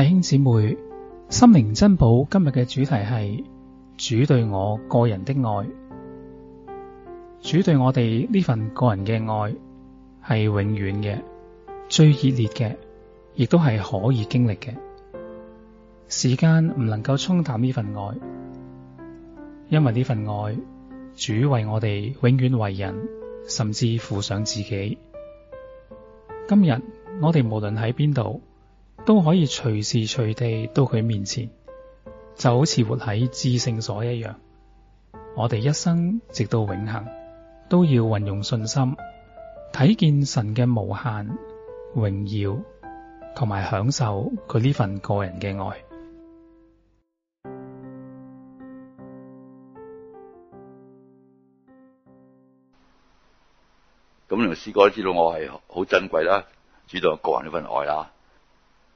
弟兄姊妹，心靈珍寶今日嘅主題係主對我個人的愛，主對我哋呢份個人嘅愛係永遠嘅，最熱烈嘅，亦都係可以經歷嘅。時間唔能夠沖淡呢份愛，因為呢份愛，主為我哋永遠為人，甚至付上自己。今日我哋無論喺邊度。都可以隨時隨地到佢面前，就好似活喺至聖所一樣。我哋一生直到永恒，都要運用信心睇見神嘅無限榮耀，同埋享受佢呢份個人嘅愛。咁、嗯，梁師哥知道我係好珍貴啦，知道我個人呢份愛啊！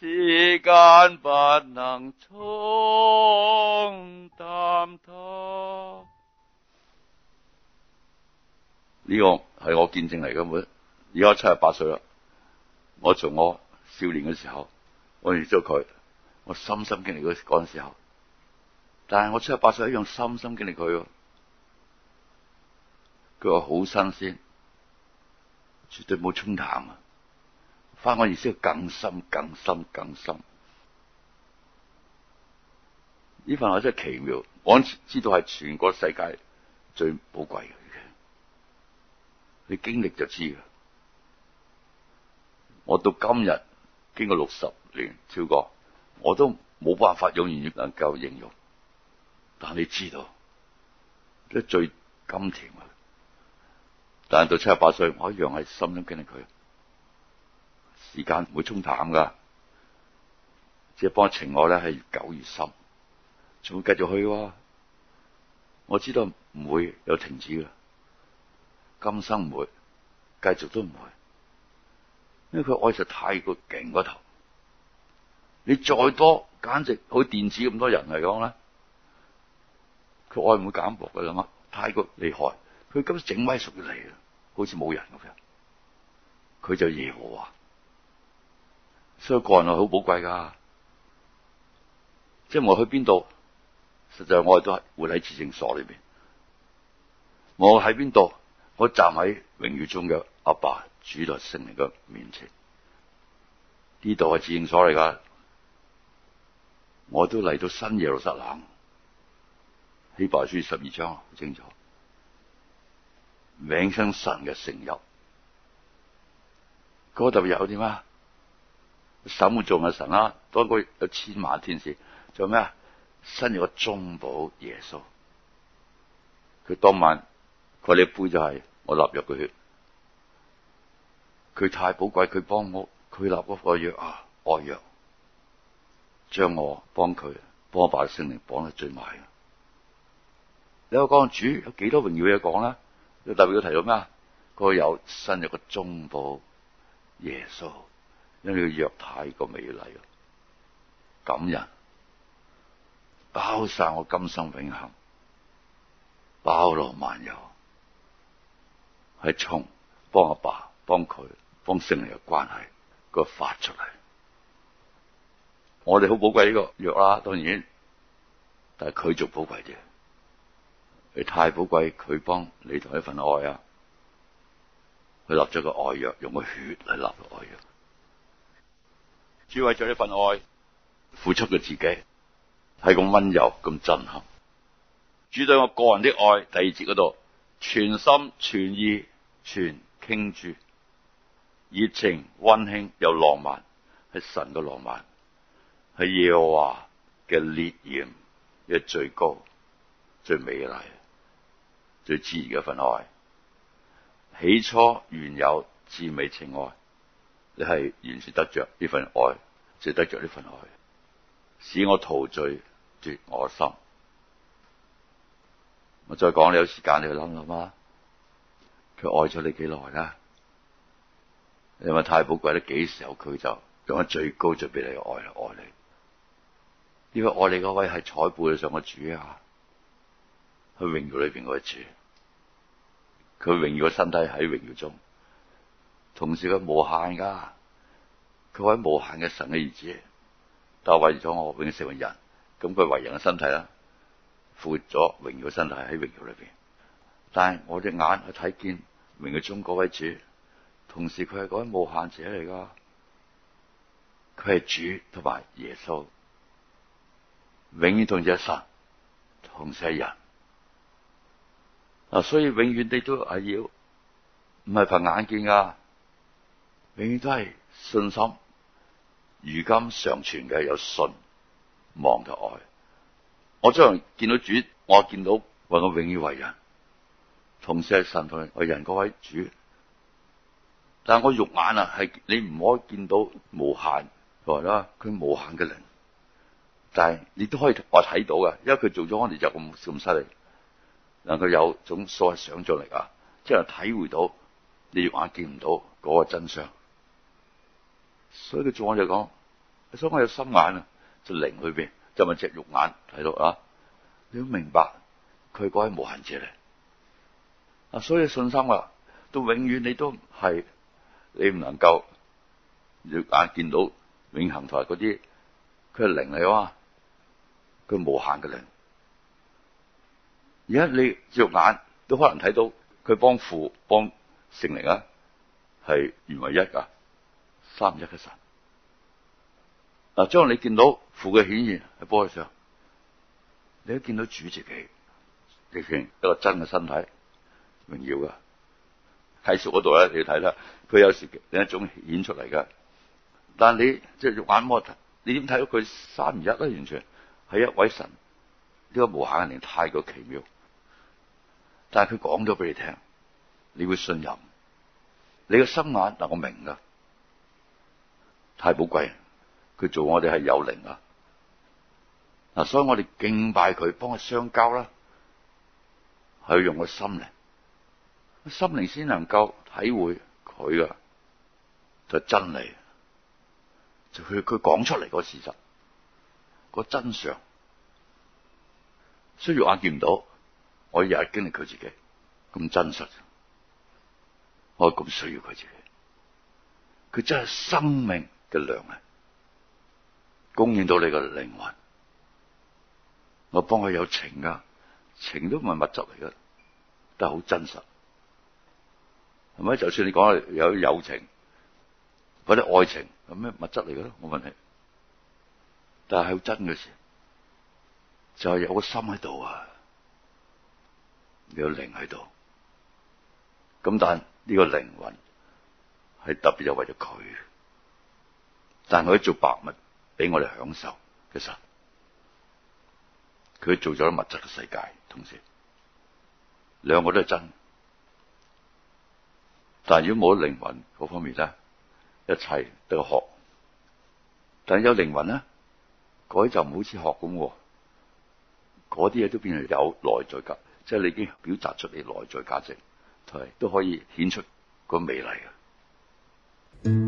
時間不能沖淡佢。呢、這個係我見證嚟嘅，現在，我而家七十八歲啦。我從我少年嘅時候，我遇着佢，我深深經歷嗰嗰陣時候。但係我七十八歲一樣深深經歷佢。佢話好新鮮，絕對冇沖淡啊！翻我意思，更深、更深、更深。呢份愛真係奇妙，我知道係全個世界最寶貴嘅。你經歷就知啦。我到今日經過六十年，超過我都冇辦法用言語能夠形容。但你知道，啲最甘甜啊！但到七十八歲，我一樣係心中經歷佢。時間唔會沖淡噶，即係幫情愛咧，係越久越深，仲會繼續去、啊。我知道唔會有停止噶，今生唔會，繼續都唔會，因為佢愛實太過勁過頭。你再多，簡直好似電子咁多人嚟講咧，佢愛唔會減薄噶啦嘛，太過厲害。佢今整歪熟嘅你，好似冇人咁樣，佢就惹我啊！所以個人係好寶貴噶，即係我去邊度，實際我哋都係活喺自證所裏邊。我喺邊度？我站喺榮耀中嘅阿爸主律聖靈嘅面前。呢度係自證所嚟噶，我都嚟到新耶路撒冷。希伯書十二章好清楚，名稱神嘅聖約，嗰度有啲咩？審判眾人嘅神啦，當佢有千萬天使，做咩啊？新有個中保耶穌，佢當晚佢呢杯就係我立約嘅血，佢太寶貴，佢幫我，佢立嗰個約啊，愛約將我幫佢，幫我把聖靈綁得最埋。你話講主有幾多榮耀嘢講啦？特別佢提到咩啊？佢有新有個中保耶穌。呢個約太過美麗，感人、包晒我今生永恆，包羅萬有，係從幫阿爸、幫佢、幫聖靈嘅關係個發出嚟。我哋好寶貴呢個約啦，當然，但係佢仲寶貴嘅。你太寶貴，佢幫你同一份愛啊，佢立咗個愛約，用個血嚟立個愛約。主為咗呢份愛付出嘅自己係咁溫柔咁震撼，主對我個人的愛，第二節嗰度全心全意全傾注，熱情溫馨又浪漫，係神嘅浪漫，係耶和華嘅烈焰，亦最高最美麗最自然嘅份愛，起初原有至美情愛。你係完全得着呢份愛，值得着呢份愛，使我陶醉，奪我心。我再講，你有時間你去諗諗啊。佢愛咗你幾耐啦？你咪太寶貴得幾時候佢就用喺最高就俾你愛嚟愛你。因為愛你嗰位係彩布上個主啊，喺榮耀裏邊個主。佢榮耀嘅身體喺榮耀中。同時佢無限噶，佢位無限嘅神嘅兒子，就係為咗我永遠成為人，咁佢為人嘅身體啦，復活咗榮耀身體喺榮耀裏邊。但係我隻眼去睇見榮耀中嗰位主，同時佢係嗰位無限者嚟噶，佢係主同埋耶穌，永遠同時係神同時係人。嗱，所以永遠你都係要唔係憑眼見噶。永遠都係信心。如今尚存嘅有信、望同愛。我將見到主，我見到為我永遠為人，同時係神同為人，為人嗰位主。但係我肉眼啊，係你唔可以見到無限，係啦，佢無限嘅靈。但係你都可以我睇到嘅，因為佢做咗我哋就咁咁犀利，能夠有種所謂想像力啊，即係體會到你肉眼見唔到嗰個真相。所以佢做我就講，所以我有心眼啊，就靈裏邊就唔係只肉眼睇到啊。你要明白，佢嗰位無限者嚟。啊，所以信心啊，永遠到永遠你都係你唔能夠肉眼見到永恆台嗰啲，佢係靈嚟嘛，佢無限嘅靈。而家你肉眼都可能睇到佢幫父幫聖靈啊，係原為一噶。三一嘅神嗱，將你見到父嘅顯現喺玻璃上，你都見到主自己亦係一個真嘅身體榮耀噶。喺屬嗰度咧，你睇啦，佢有時另一種演出嚟噶。但你即係肉眼魔，你點睇到佢三一咧？完全係一位神，呢、這個無限嘅太過奇妙。但係佢講咗俾你聽，你會信任你嘅心眼嗱，我明噶。太寶貴，佢做我哋係有靈啊！嗱，所以我哋敬拜佢，幫佢相交啦。係用個心靈，心靈先能夠體會佢噶，就真理，就佢佢講出嚟個事實，個真相。需要眼見唔到，我日日經歷佢自己，咁真實，我咁需要佢自己。佢真係生命。嘅量啊，供應到你個靈魂。我幫佢有情㗎。情都唔係物質嚟噶，但係好真實，係咪？就算你講有友情，或者愛情，有咩物質嚟噶？冇問題，但係好真嘅事，就係、是、有個心喺度啊，有靈喺度。咁但呢個靈魂係特別有為咗佢。但係佢做白物俾我哋享受，其實佢做咗物質嘅世界，同時兩個都係真。但係如果冇靈魂嗰方面咧，一切都學；但有靈魂咧，改就唔好似學咁。嗰啲嘢都變成有內在價，即係你已經表達出你內在價值，埋都可以顯出個美麗嘅。嗯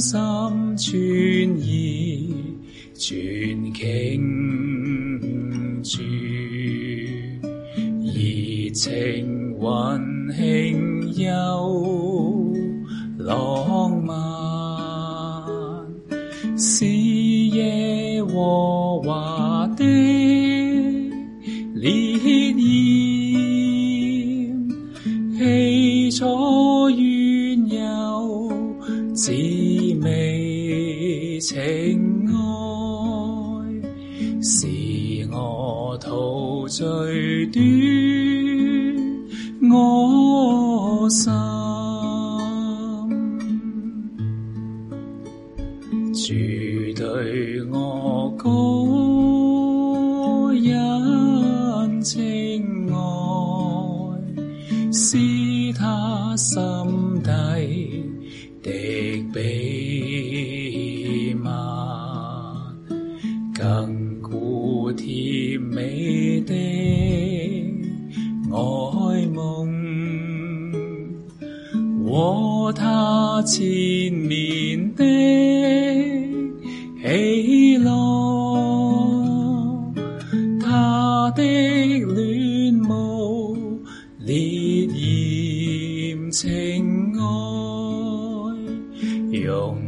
心全意，全傾注，熱情溫馨又浪漫，是耶和華的，情愛使我陶醉奪我心。祂的戀慕，烈焰情愛。Yo.